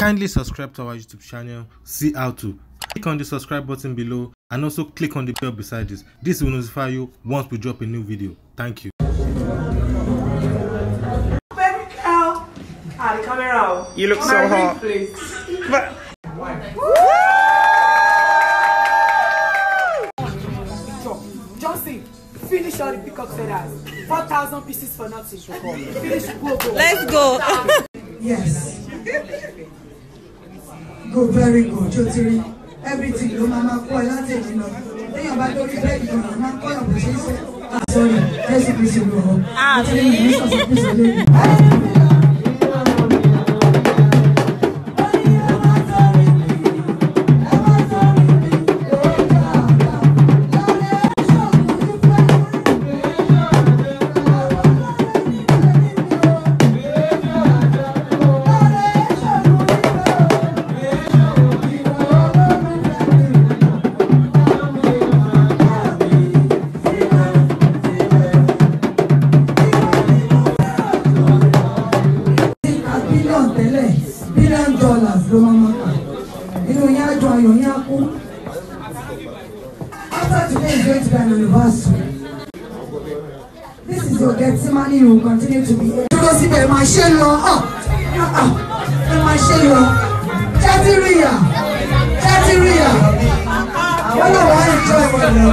Kindly subscribe to our YouTube channel, see how to. Click on the subscribe button below and also click on the bell beside this. This will notify you once we drop a new video. Thank you. Baby girl. Ah, the camera. You look so hot. But finish all the pickup sellers. 4,000 pieces for nothing. Finish, go, go. Let's go. yes. go very good ó ti rí everything ló máa máa kọ́ ẹ láti èdè náà lẹ́yìn ọba lórí bẹ́ẹ̀dì kan ló máa kọ́ ẹ̀ bó ṣe ń sọ àsọyìn jésù kristu lọ́wọ́ àti ìyẹn sọ̀sọ̀ kristu lẹ́yìn. testimony you will continue to be here. dúró síbẹ̀ máa ṣe lọ ẹ máa ṣe lọ jẹ́tìrìyà jẹ́tìrìyà wọ́n náà wọ́n á ìwọ̀n lọ.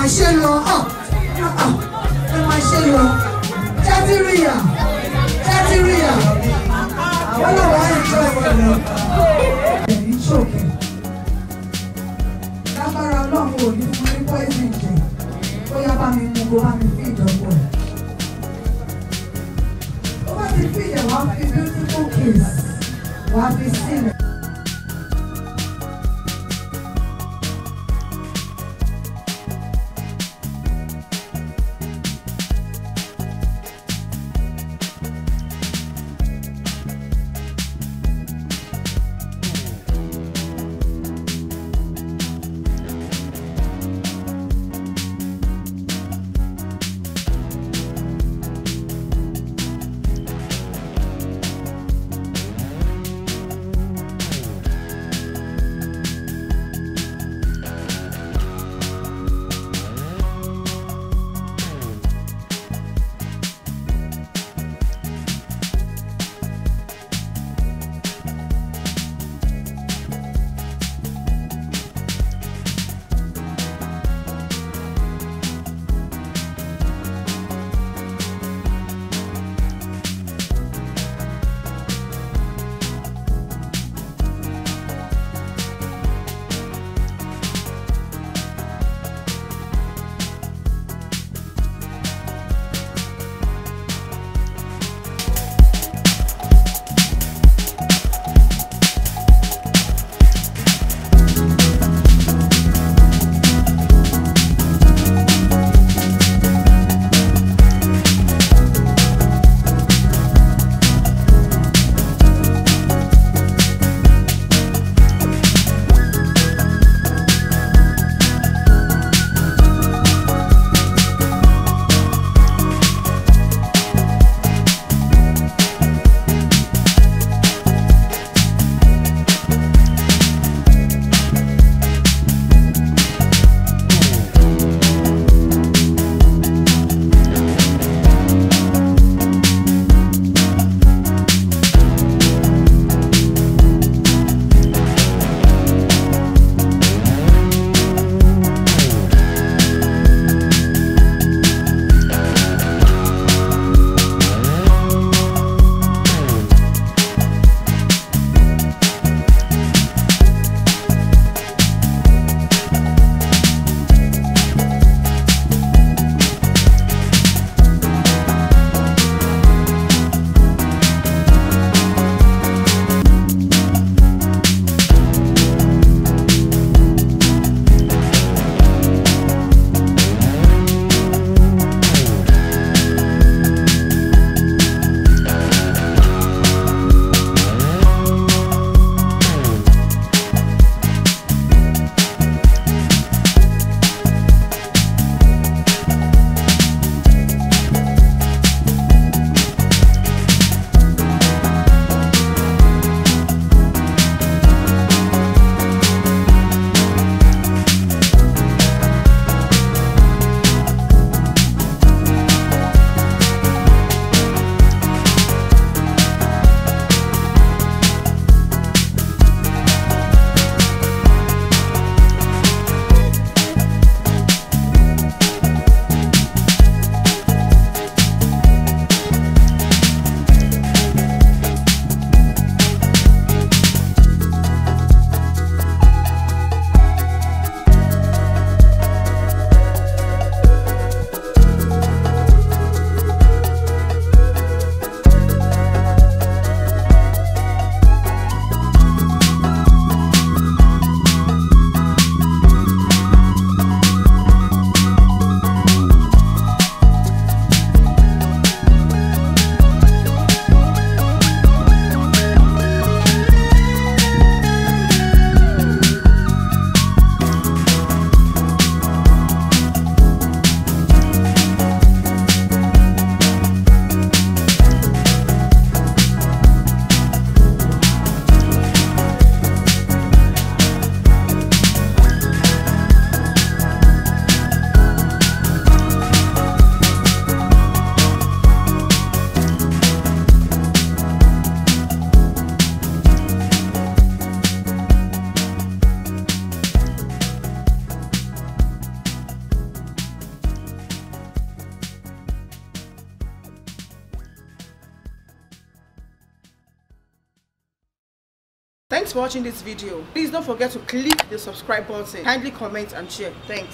máa ṣe lọ ẹ máa ṣe lọ ṣátìrìyà ṣátìrìyà àwọn náà wà á ìjọ ẹ̀wọ̀n lọ. ẹ̀yìn ṣòkè lágbára ọlọ́run ò ní fún ní poison jẹ ó yá bá mi mú kó bá mi fi ìdánwò ẹ̀. ó bá ti fi ìyẹ̀wò á fi beautiful kiss wàá fi sílẹ̀. Thanks for watching this video. Please don't forget to click the subscribe button. Kindly comment and share. Thanks.